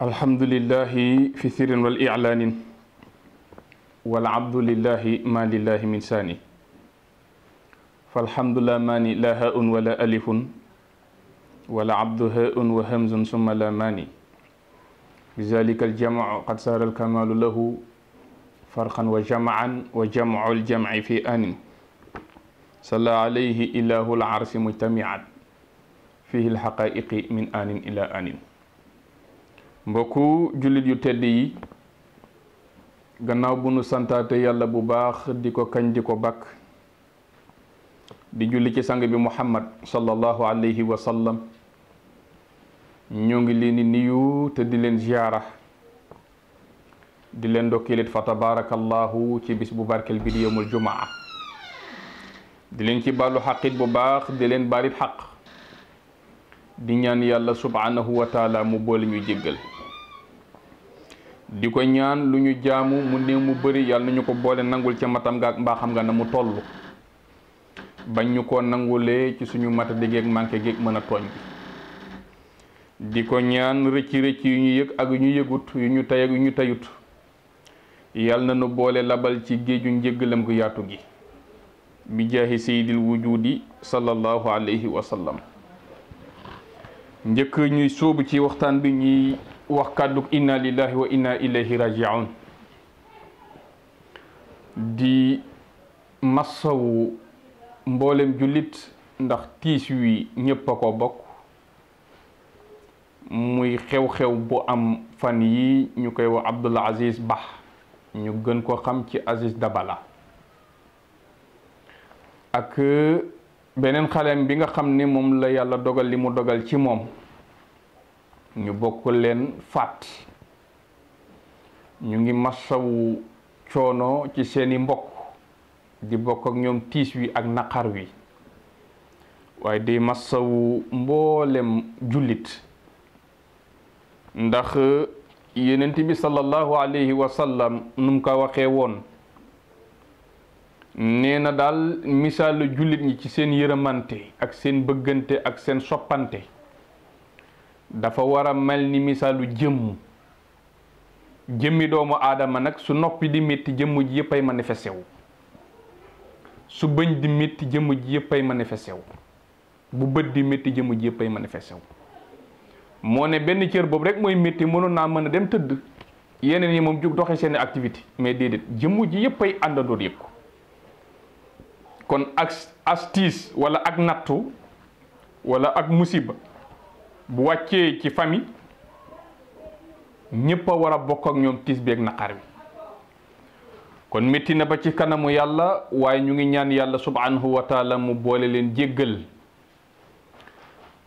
alhamdulillahi fi sirin wal ilaanin wal abdulillahi ma lillahi min saani falhamdu la maani la haun wala alifun wala abdu haun wa hamzun summa la maani bizalika aljamacu qad saara alkamaalu lahu farqan wa jamcan wa jamcu aljamci fi anin salla alayhi ilaahu alarsi mujtamican fihi alxaqaiqi min anin ila anin mbokk jullit yu tedd yi gannaaw bu nu santaate yàlla bu baax di ko kañ di ko bàkk di julli ci sang bi muhammad sallallahu alayhi wa sallam ñoo ngi leen di nuyu te di leen ziyaara di leen ndokkilit fa tabaarakallahu ci bis bu barkel bi di yowmul jumaa di leen ci baalu xaqit bu baax di leen baalit xaq di ñaan yàlla subhanahu wa mu boole ñu jéggal di ko ñaan lu ñu jaamu mu néew mu bëri yàlla na ñu ko boole nangul ca matam nga ak mbaaxam nga na mu toll bañ ñu ko nangulee ci suñu mata di geeg manqué geeg mën tooñ bi di ko ñaan rëcc rëcc yu ñu yëg ak yu ñu yëgut yu ñu tay ak yu ñu tayut yàlla na nu boole labal ci géeju njéggalam gu yaatu gi bi jaahi sayyidil wujudi sallallahu alayhi wa njëkk ñuy sóobu ci waxtaan bi ñuy wax kàddu inna lillahi wa inna ilayhi rajiun di massawu mboolem jullit ndax tiis wi ñépp a ko bokk muy xew-xew bu am fan yi ñu koy wax Abdoul Aziz Ba ñu gën ko xam ci Aziz Dabala ak beneen xaleem bi nga xam ni moom la yàlla dogal li mu dogal ci moom ñu bokk leen faat ñu ngi masawu coono ci seeni mbokk di bokk ak ñoom tiis wi ak naqar wi waaye di masawu mboolem jullit ndax yonent bi sallallahu alayhi wa sallam nu mu ko waxee woon nee na daal misaalu jullit ñi ci seen yërëmante ak seen bëggante ak seen soppante dafa war a mel ni misaalu jëmm jëmmi doomu aadama nag su noppi di métti jëmm ji yëpp ay manifesté wu su bëñ di métti jëmm yëpp ay manifesté wu bu bët di métti jëmm ji yëpp ay manifesté wu moo ne benn cër boobu rek mooy métti mënoon naa mën a dem tëdd yeneen yi moom jug doxee seeni activité mais déedéet jëmm ji yëpp ay àndandoor yëpp ko kon ak astiis wala ak nattu wala ak musiba bu wàccee ci famille ñëpp a war a bokk ak ñoom tiis bi ak naqar bi kon metti na ba ci kanamu yàlla waaye ñu ngi ñaan yàlla subhanahu wa taala mu boole leen jéggal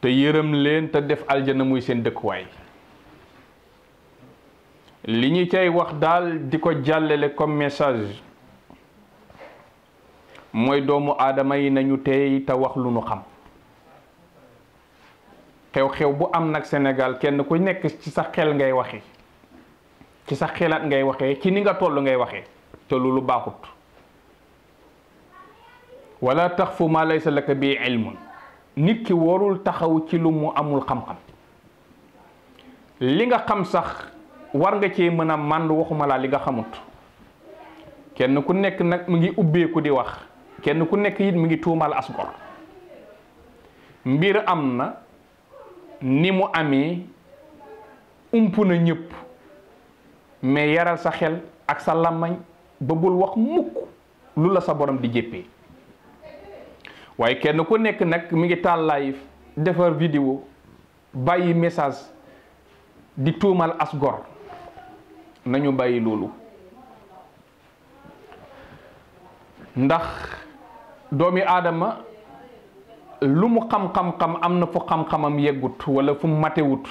te yërëm leen te def aljana muy seen dëkkuwaay li ñu cay wax daal di ko jàllale comme message mooy doomu aadama yi nañu tey te wax lu ñu xam xew-xew bu am nag Sénégal kenn ku nekk ci sa xel ngay waxee ci sa xelaat ngay waxee ci ni nga toll ngay waxee te lu baaxut wala taxfu ma sa laka bi ilmun nit ki warul taxaw ci lu mu amul xam-xam li nga xam sax war nga cee mën a mànd waxuma laa li nga xamut kenn ku nekk nag mu ngi ubbeeku di wax kenn ku nekk it mu ngi tuumaal asgor mbir am na ni mu amee ump na ñëpp mais yaral sa xel ak sa làmmañ ba bul wax mukk lu la sa borom di jéppee waaye kenn ku nekk nag mu ngi taal live defar vidéo bàyyi message di tuumal as gor nañu bàyyi loolu ndax doomi aadama lu mu xam-xam-xam am na fu xam-xamam yeggut wala fu mu matewut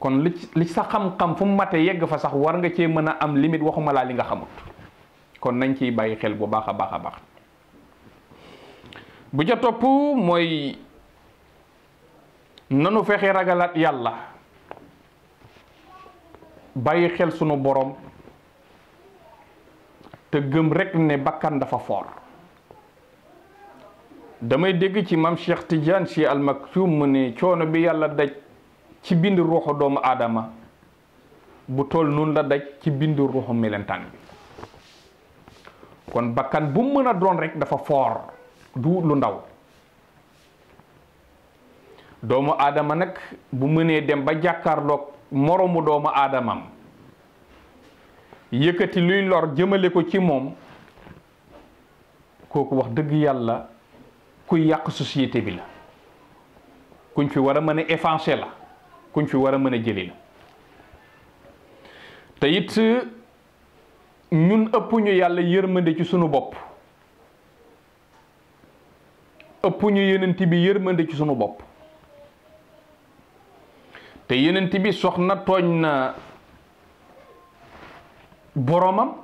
kon li li sa xam-xam fu mu mate yegg fa sax war nga cee mën a am limite waxuma laa li nga xamut kon nañ ci bàyyi xel bu baax a baax a baax bu ca topp mooy nanu feexee ragalaat yàlla bàyyi xel sunu borom te gëm rek ne bakkan dafa foor damay dégg ci maam Cheikh Tidiane si al mu ne coono bi yàlla daj ci bind ruuxu doomu aadama bu tool nun la daj ci bind ruuxu melentaan bi kon bakkan bu mën a doon rek dafa foor du lu ndaw doomu aadama nag bu mënee dem ba jàkkaarloog moroomu doomu aadamam yëkkati luy lor jëmale ko ci moom kooku wax dëgg yàlla kuy yàq société bi la kuñ fi war a mën a la kuñ fi war a mën a jëli la te it ñun ëpp ñu yàlla yërmande ci sunu bopp ëpp ñu yenent bi yërmande ci sunu bopp te yenent bi soxna tooñ na boromam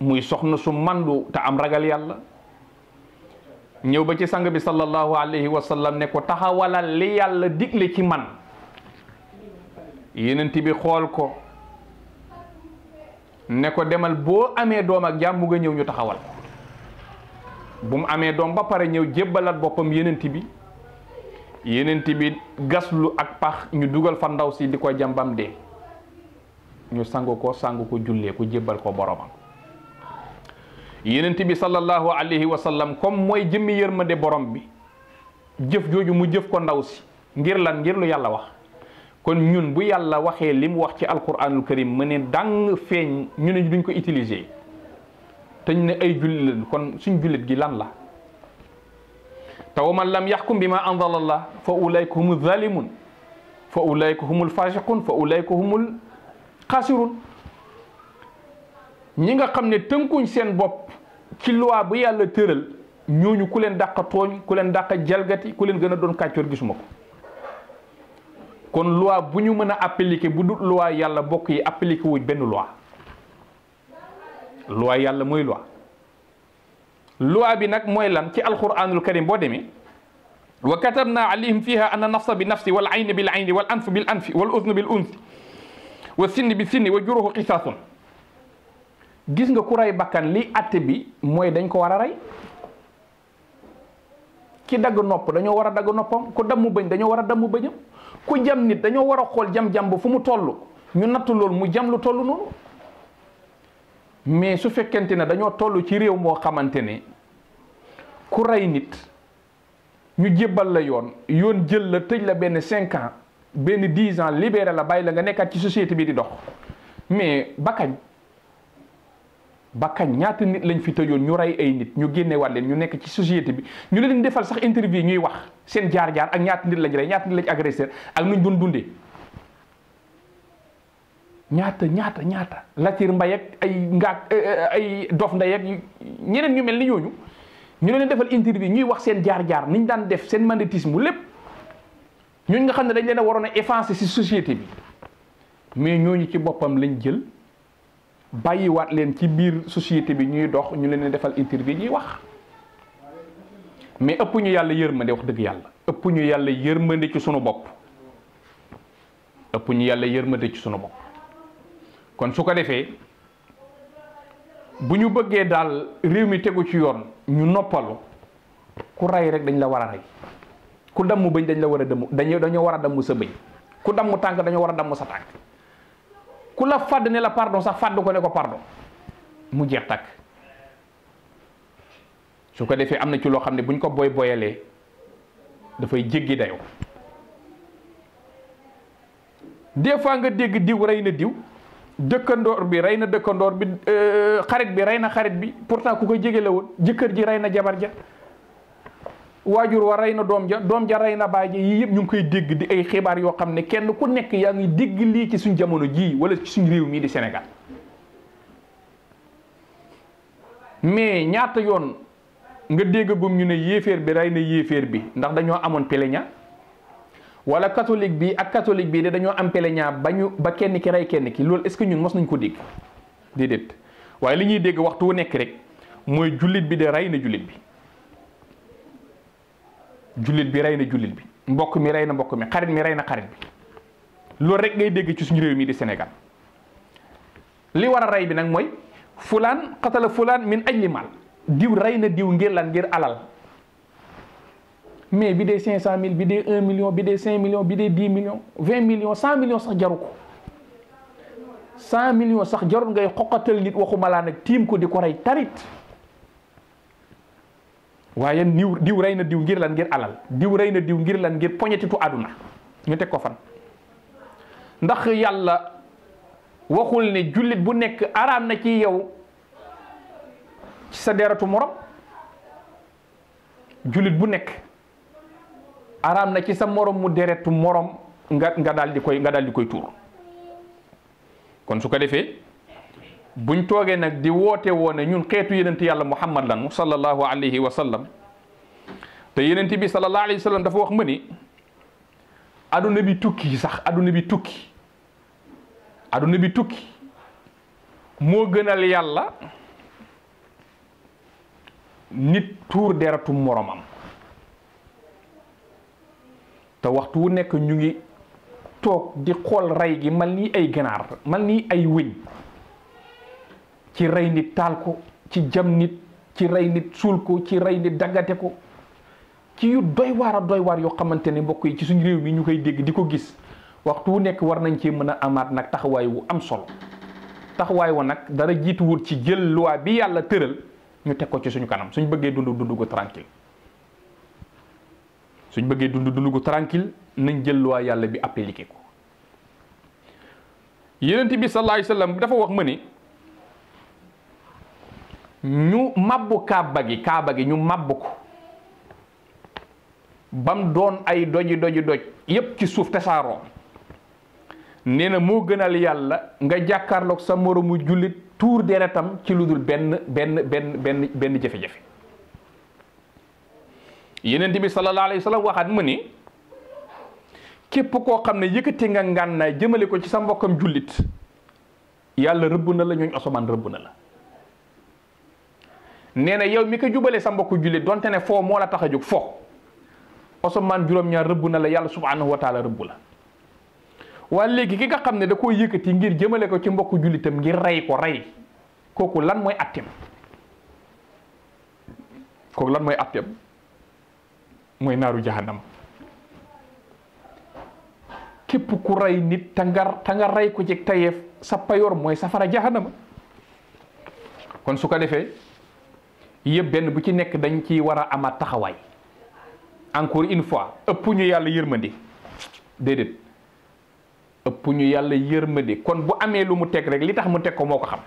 muy soxna su mandu te am ragal yàlla ñëw ba ci sang bi sallallahu alayhi wa sallam ne ko taxawalal li yàlla digle ci man yenent bi xool ko ne ko demal boo amee doom ak jàmm mu nga ñëw ñu taxawal ko bu mu amee doom ba pare ñëw jébbalat boppam yenent bi yenent bi gaslu ak pax ñu dugal fa ndaw si di ko jàmbam de ñu sangu ko sangu ko jullee ko jébbal ko boromam yenent bi sallallahu alayhi wa sallam comme mooy jëmmi yërmande borom bi jëf jooju mu jëf ko ndaw si ngir lan ngir lu yàlla wax kon ñun bu yàlla waxee li mu wax ci alquranul karim mu ne dàng feeñ ñu ne duñ ko utiliser te ne ay jullit kon suñ jullit gi lan la te man lam yaxkum bi ma anzalallah fa ulayka humu zalimun fa ulayka humul fasiqun fa ulayka humul xasirun ñi nga xam ne tënkuñ seen bopp ci loi bu yàlla tëral ñooñu ku leen dàq tooñ ku leen dàq jalgati ku leen gën a doon kàccoor gisuma ko kon loi bu ñu mën a appliquer bu dut loi yàlla bokk yi appliquer wuñ benn loi loi yàlla mooy loi loi bi nag mooy lan ci alquranul karim boo demee wa katabna alayhim fiha anna nafsa bi nafsi wal ayna bil ayni wal anf bil anfi wal udhna bil udhni wa sinni bi sinni wa juruhu qisaasun gis nga ku rey bakkan li àtte bi mooy dañ ko war a rey ki dagg nopp dañoo war a dagg noppam ku damm bëñ dañoo war a damm bëñam ku jam nit dañoo war a xool jam-jam ba fu mu toll ñu nattu loolu mu jam lu toll noonu mais su fekkente ne dañoo toll ci réew moo xamante ne ku rey nit ñu jébbal la yoon yoon jël la tëj la benn cinq ans benn dix ans libéré la bàyyi la nga nekkaat ci société bi di dox mais bakkañ ba kañ ñaata nit lañ fi tëjoon ñu rey ay nit ñu génneewaat leen ñu nekk ci société bi ñu leen defal sax interview ñuy wax seen jaar-jaar ak ñaata nit lañ rey ñaata nit lañ agressé ak nuñ doon dundee ñaata ñaata ñaata latir mbay ak ay ngaak eh, eh, ay dof nday ak ñeneen ñu mel ni ñooñu ñu leen defal interview ñuy wax seen jaar-jaar niñ daan def seen banditisme lépp ñu nga xam ne dañ leen a waroon a effacer si société bi mais ñooñu ci boppam lañ jël. bàyyiwaat leen ci biir société bi ñuy dox ñu leen defal interview ñuy wax mais ëpp ñu yàlla yërmande wax dëgg yàlla ëpp ñu yàlla yërmande ci sunu bopp ëpp ñu yàlla yërmande ci sunu bopp kon su ko defee bu ñu bëggee daal réew mi tegu ci yoon ñu noppalu ku rey rek dañ la war a rey ku damm bëñ dañ la war a damm dañu dañoo war a damm sa bëñ ku damm tànk dañoo war a damm sa tànk ku la fadd ne la pardon sax fàdd ko ne ko pardon mu jeex takk su ko defee am na ci loo xam ne bu buñ ko boy boyalee dafay jéggi dayoo des fois nga dégg diw rey na diw dëkkandoor bi rey na dëkkandoor bi euh, xarit bi rey na xarit bi pourtant ku ko jege la woon jëkkër ji rey na jabar ja waajur wa rey na doom ja doom ja rey na baay ja yii yëpp ñu ngi koy dégg di ay xibaar yoo xam ne kenn ku nekk yaa ngi dégg lii ci suñ jamono jii wala ci suñ réew mii di Sénégal mais ñaata yoon nga dégg gum ñu ne yéeféer bi rey na yéeféer bi ndax dañoo amoon peleña wala catholique bi ak catholique bi de dañoo am peleña ba ñu ba kenn ki rey kenn ki loolu est-ce que ñun mos nañ ko dégg déedéet waaye li ñuy dégg waxtu wu nekk rek mooy jullit bi de rey na jullit bi jullit bi rey na jullit bi mbokk mi rey na mbokk mi xarit mi rey na xarit bi loolu rek ngay dégg ci suñu réew mii di Sénégal li war a rey bi nag mooy fulaan xatala fulaan min ajli mal diw rey na diw ngir lan ngir alal mais bi dee cinq cent mille bi dee un million bi dee cinq million bi dee dix million vingt million cent million sax jaru ko cent million sax jarul ngay xoqatal nit waxuma laa nag tiim ko di ko rey tarit waaye niw diw rey na diw ngir lan ngir alal diw rey na diw ngir lan ngir poñetitu àdduna ñu teg ko fan ndax yàlla waxul ne jullit bu nekk araam na ci yow sa deretu morom jullit bu nekk araam na ci sa morom deretu morom nga nga daal koy nga daal di koy tuur kon su ko defee buñ toogee nag di woote woone ñun xeetu yenent yàlla muhammad lanu sallallahu alayhi wa sallam te yenent bi sallallahu alayhi wa sallam dafa wax ma ni aduna bi tukki sax aduna bi tukki aduna bi tukki moo gënal yàlla nit tuur deratu moromam te waxtu wu nekk ñu ngi toog di xool rey gi mal nii ay ganaar mal nii ay wëñ ci rey nit taal ko ci jam nit ci rey nit suul ko ci rey nit daggate ko ci yu doy waar a doy waar yoo xamante ni mbokk yi ci suñu réew mi ñu koy dégg di ko gis waxtu wu nekk war nañ ci mën a amaat nag taxawaay wu am solo taxawaay wa nag dara jiituwul ci jël luwaa bi yàlla tëral ñu teg ko ci suñu kanam suñ bëggee dund dundu ko tranquille suñ bëggee dund dund gu tranquille nañ jël luwaa yàlla bi appliqué ko yonent bi sallallahu alayhi dafa wax ma ni ñu mabbu kaaba gi kaaba gi ñu mabbu ko bam doon ay doji doji doj yépp ci suuf tasaaroo nee na moo gënal yàlla nga jàkkaarloog sa moromu jullit tuur deretam ci lu dul benn benn benn benn benn jafe yeneen bi sallallahu alayhi wa waxaat mu ni képp koo xam ne yëkkati nga ngànnaay jëmale ko ci sa mbokkam jullit yàlla rëbb na la ñooñ asamaan rëbb na la nee na yow mi ko jubalee sa mbokku jullit donte ne foo moo la tax a jóg foo Ousmane juróom-ñaar rëbb na la yàlla subhanahu wa taala rëbb la waaye léegi ki nga xam ne da koo yëkkati ngir jëmale ko ci mbokku jullitam ngir rey ko rey kooku lan mooy attem kooku lan mooy attem mooy naaru jahannam képp ku rey nit te nga te nga rey ko ci tayeef sa payoor mooy safara jahannama kon su ko defee yëpp benn bu ci nekk dañ ci war a amaat taxawaay encore une fois ëpp ñu yàlla yërmande déedéet ëpp ñu yàlla yërmande kon bu amee lu mu teg rek li tax mu teg ko moo ko xam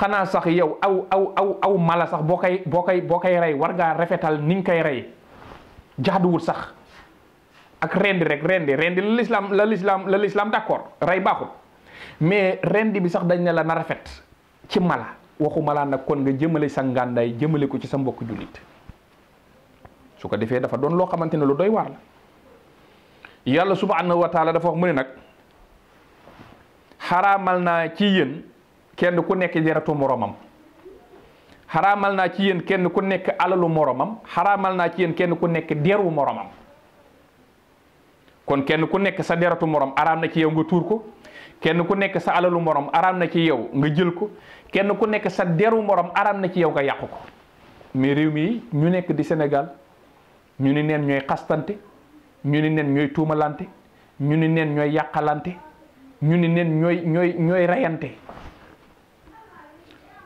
xanaa sax yow aw aw aw aw mala sax boo koy boo koy boo koy rey war ngaa rafetal niñ koy rey jaaduwul sax ak rendi rek rendi rendi la lislaam la lislaam la lislaam d'accord rey baaxul mais rendi bi sax dañ ne la na rafet ci mala waxuma laa nag kon nga jëmale sa ngàndaay jëmale ko ci sa mbokk jullit su ko defee dafa doon loo xamante ne lu doy waar la yàlla subhanahu wa taala dafa wax mu ne nag xaraamal naa ci yéen kenn ku nekk deretu moromam xaraamal naa ci yéen kenn ku nekk alalu moromam xaraamal naa ci yéen kenn ku nekk deru moromam kon kenn ku nekk sa deratu morom araam na ci yow nga tuur ko kenn ku nekk sa alalu morom araam na ci yow nga jël ko kenn ku nekk sa deru morom araam na ci yow nga yàq ko mais réew mi ñu nekk di Sénégal ñu ni neen ñooy xastante ñu ni neen ñooy tuumalante ñu ni neen ñooy yàqalante ñu ni nen ñooy ñooy ñooy reyante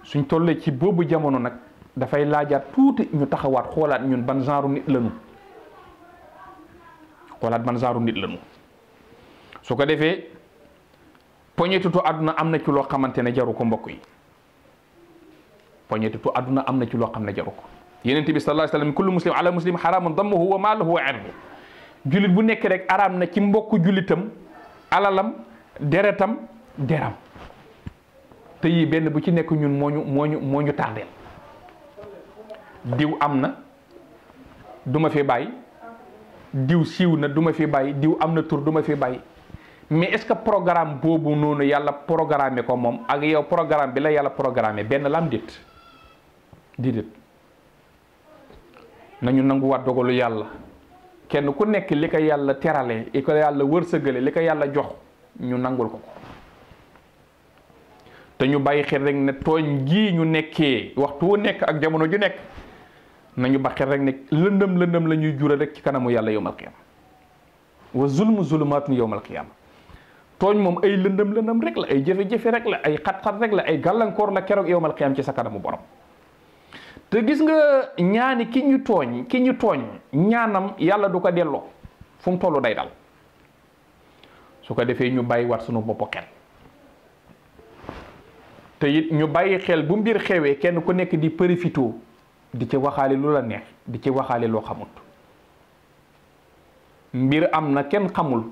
suñ tollee ci boobu jamono nag dafay laajaat tuuti ñu taxawaat xoolaat ñun ban genre nit lañu xoolaat ban genre nit lañu su ko defee poñetitu àdduna am na ci loo xamante ne jaru ko mbokk yi poñetitu àdduna am na ci loo xam ne jaru ko yenente bi sallallahu alayhi wa sallam kullu muslim ala muslim xaraamun dammuhu wa maaluhu wa irdu jullit bu nekk rek araam na ci mbokku jullitam alalam deretam deram te benn bu ci nekk ñun moo ñu moo diw am na duma ma fi diw siiw na duma ma fi diw am na tur du ma fi bàyyi mais est-ce que programme boobu noonu yàlla programme ko moom ak yow programme bi la yàlla programme benn lam dit didit nañu nanguwaat dogalu yàlla kenn ku nekk li ko yàlla terale li ko yàlla wërsëgale li ko yàlla jox ñu nangul ko ko te ñu bàyyi xel rek ne tooñ gii ñu nekkee waxtu wu nekk ak jamono ju nekk nañu ba xel rek ne lëndëm lëndëm la ñuy jura rek ci kanamu yàlla yowmal qiyaama wa zulmu zulumaatun yowmal qiyaama tooñ moom ay lëndam lëndëm rek la ay jafe-jafe rek la ay xat-xat rek la ay gàllankoor la keroog yow mal xiyaam ci sa kanamu borom te gis nga ñaani ki ñu tooñ ki ñu tooñ ñaanam yàlla du ko delloo fu tollu day dal su ko defee ñu bàyyi wat sunu bopp xel te it ñu bàyyi xel bu mbir xewee kenn ku nekk di përifitoo di ci waxaale lu la neex di ci waxaale loo xamut mbir am na kenn xamul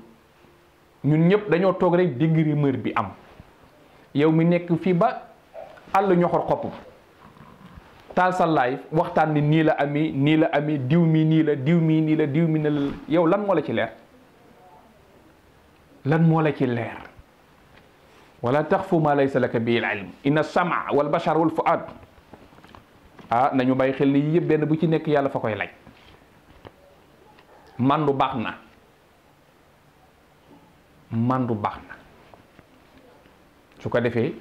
ñun ñëpp dañoo toog rek dégg rumeur bi am yow mi nekk fii ba àll ñoxor xopp taal sa waxtaan ni nii la amee nii la amee diw mii nii la diw mii nii la diw mi nii la yow lan moo la ci leer lan moo la ci leer wala taxfu ma laysa laka bi ilm inna sama wal bashar wal fuad ah nañu bay xel ni yëpp benn bu ci nekk yàlla fa koy laaj man baax na màndu baax na su ko defee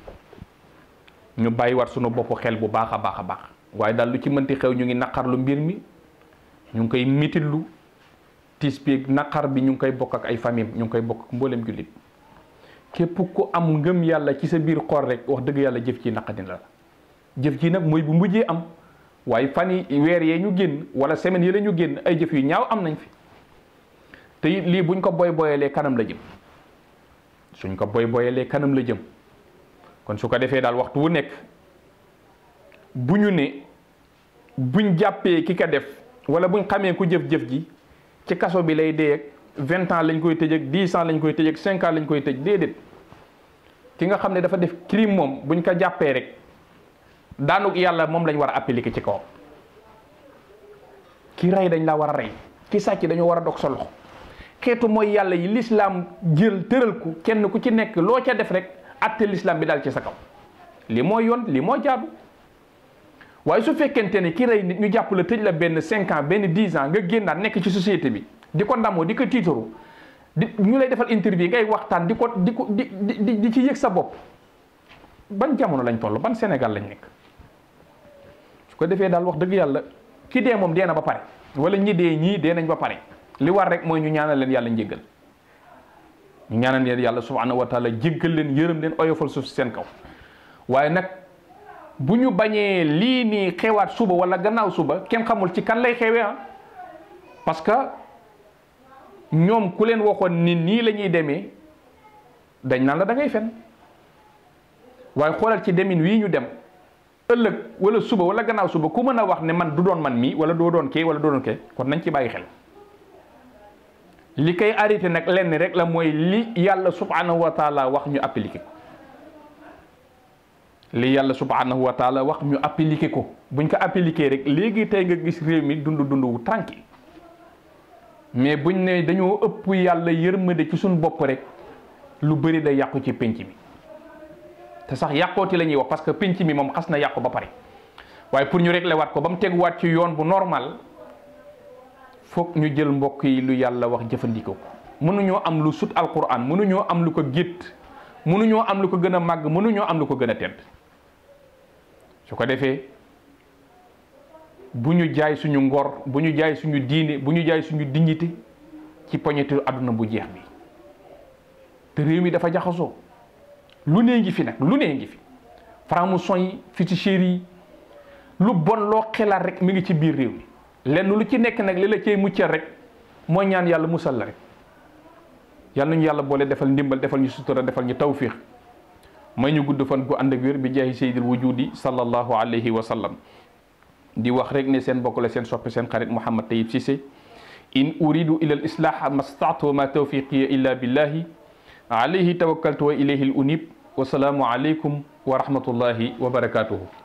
ñu bàyyi wat sunu boppu xel bu baax a baax a baax waaye daal lu ci mënti xew ñu ngi naqarlu mbir mi ñu ngi koy mititlu tiis bi naqar bi ñu ngi koy bokk ak ay famille ñu ngi koy bokk ak mboolem jullit képp ku am ngëm yàlla ci sa biir xool rek wax dëgg yàlla jëf ci naqadin la jëf ji nag mooy bu mujjee am waaye fan yi weer yee ñu génn wala semaine yi la ñu génn ay jëf yu ñaaw am nañ fi te lii buñ ko boy boyalee kanam la suñ ko boy boyalee kanam la jëm kon su ko defee daal waxtu wu nekk bu ñu ne buñ jàppee ki ka def wala buñ xamee ku jëf-jëf ji ci kaso bi lay dee ak vingt ans lañ koy tëj ak dix ans lañ koy tëj ak cinq ans lañ koy tëj déedéet ki nga xam ne dafa def crime moom buñ ko jàppee rek daanuk yàlla moom lañ war a appliquer ci kawam ki rey dañ laa war a rey ki sàcc dañoo war a dog solo xeetu mooy yàlla yi lislaam jël tëral ko kenn ku ci nekk loo ca def rek atte lislaam bi daal ci sa kaw li mooy yoon li moo jaadu waaye su fekkente ne ki rey nit ñu jàpp la tëj la benn cinq ans benn dix ans nga génnaat nekk ci societé bi di ko ndamoo di ko tiitaru di ñu lay defal interview ngay waxtaan di ko di ko di di ci yëg sa bopp ban jamono lañ toll ban Sénégal lañ nekk su ko defee daal wax dëgg yàlla ki dee moom dee na ba pare wala ñi dee ñii dee nañ ba pare. li war rek mooy ñu ñaanal leen yàlla njéggal ñu ñaanal leen yàlla subhanahu wa jéggal leen yërëm leen oyofal suuf si seen kaw waaye nag bu ñu bañee lii nii xewaat suba wala gannaaw suba kenn xamul ci kan lay xewee ah. parce que ñoom ku leen waxoon ni nii lañuy demee dañ naan la da fen waaye xoolal ci demin wii ñu dem ëllëg wala suba wala gannaaw suba ku mën a wax ne man du doon man mii wala doo doon kee wala doo doon kee kon nañ ci bàyyi xel li koy arrêté nag lenn rek la mooy li yàlla subhanahu wa taala wax ñu appliqué ko li yàlla subhanahu wa taala wax ñu appliqué ko buñ ko appliqué rek léegi tey nga gis réew mi dund dund wu tranquille mais buñ nee dañoo ëpp yàlla yërmande ci suñ bopp rek lu bëri day yàqu ci penc mi te sax yàqooti la ñuy wax parce que penc mi moom xas na yàqu ba pare waaye pour ñu régler waat ko ba mu teguwaat ci yoon bu normal foog ñu jël mbokk yi lu yàlla wax jëfandikoo ko mënuñoo am lu sut alquran mënuñoo am lu ko gétt mënuñoo am lu ko gën a màgg mënuñoo am lu ko gën a tedd su ko defee bu ñu jaay suñu ngor bu ñu jaay suñu diine bu ñu jaay suñu dignité ci poñetu àdduna bu jeex bi te réew mi dafa jaxasoo lu nee ngi fi nag lu nee ngi fi franc-maçon yi féticheurs yi lu bon loo xelaat rek mi ngi ci biir réew mi lenn lu ci nekk nag li la cay muccal rek moo ñaan yàlla musal la rek yàlla nañu yàlla boole defal ndimbal defal ñu sutura defal ñu tawfiix may ñu gudd fan gu ànd ak wér bi jaahi sayyidil wujudi sallallahu alayhi wa sallam di wax rek ne seen bokk la seen soppi seen xarit Mouhamed Tayib Cissé in uridu ila al islah mastaatu wa ma tawfiqiya illa billahi alayhi tawakkaltu wa ilayhi al unib wa salaamu alaykum wa rahmatullahi wa barakatuhu